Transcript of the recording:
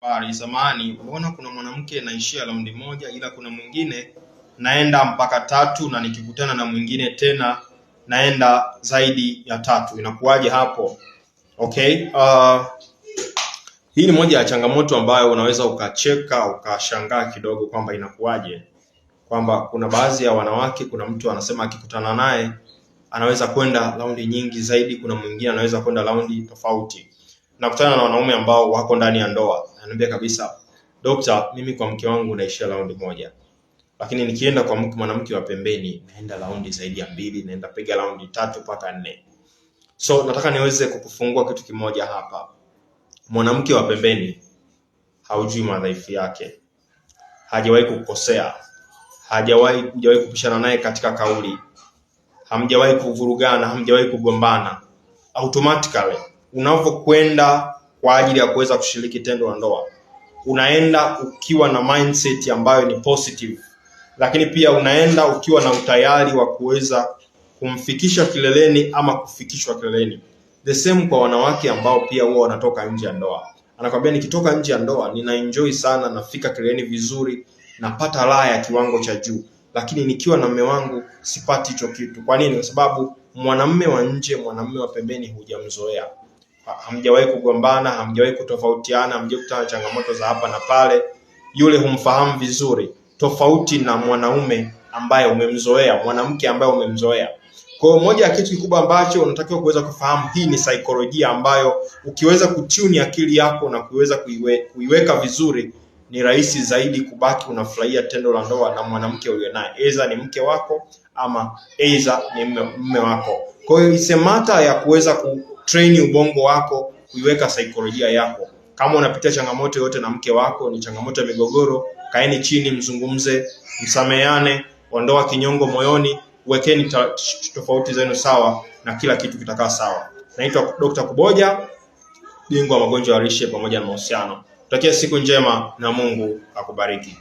Habari zamani, mbona kuna mwanamke naishia raundi moja, ila kuna mwingine naenda mpaka tatu, na nikikutana na mwingine tena naenda zaidi ya tatu, inakuwaje hapo? Okay, uh, hii ni moja ya changamoto ambayo unaweza ukacheka ukashangaa kidogo kwamba inakuwaje, kwamba kuna baadhi ya wanawake, kuna mtu anasema akikutana naye anaweza kwenda raundi nyingi zaidi, kuna mwingine anaweza kwenda raundi tofauti. Nakutana na wanaume ambao wako ndani ya ndoa ananiambia kabisa, dokta, mimi kwa mke wangu naishia raundi moja, lakini nikienda kwa mwanamke wa pembeni naenda raundi zaidi ya mbili, naenda piga raundi tatu mpaka nne. So nataka niweze kukufungua kitu kimoja hapa, mwanamke wa pembeni haujui madhaifu yake, hajawahi kukosea hajawahi hujawahi kupishana naye katika kauli, hamjawahi kuvurugana, hamjawahi kugombana. Automatically unavyokwenda kwa ajili ya kuweza kushiriki tendo la ndoa. Unaenda ukiwa na mindset ambayo ni positive, lakini pia unaenda ukiwa na utayari wa kuweza kumfikisha kileleni ama kufikishwa kileleni. The same kwa wanawake ambao pia huwa wanatoka nje ya ndoa. Anakwambia, nikitoka nje ya ndoa nina enjoy sana, nafika kileleni vizuri, napata raha ya kiwango cha juu, lakini nikiwa na mume wangu sipati hicho kitu. Kwa nini? Kwa sababu mwanamume wa nje, mwanamume wa pembeni hujamzoea hamjawahi kugombana, hamjawahi kutofautiana, hamjawahi kukutana changamoto za hapa na pale. Yule humfahamu vizuri, tofauti na mwanaume ambaye umemzoea, mwanamke ambaye umemzoea. Kwa hiyo moja ya kitu kikubwa ambacho unatakiwa kuweza kufahamu, hii ni saikolojia ambayo ukiweza kutuni akili yako na kuweza kuiwe, kuiweka vizuri, ni rahisi zaidi kubaki unafurahia tendo la ndoa na mwanamke uliye naye, aidha ni mke wako ama aidha ni mme, mme wako. Kwa hiyo isemata ya kuweza ku train ubongo wako, kuiweka saikolojia yako. Kama unapitia changamoto yoyote na mke wako, ni changamoto ya migogoro, kaeni chini, mzungumze, msameane, ondoa kinyongo moyoni, wekeni tofauti zenu sawa, na kila kitu kitakaa sawa. Naitwa Dr. Kuboja, bingwa wa magonjwa ya lishe pamoja na mahusiano. Tutakia siku njema na Mungu akubariki.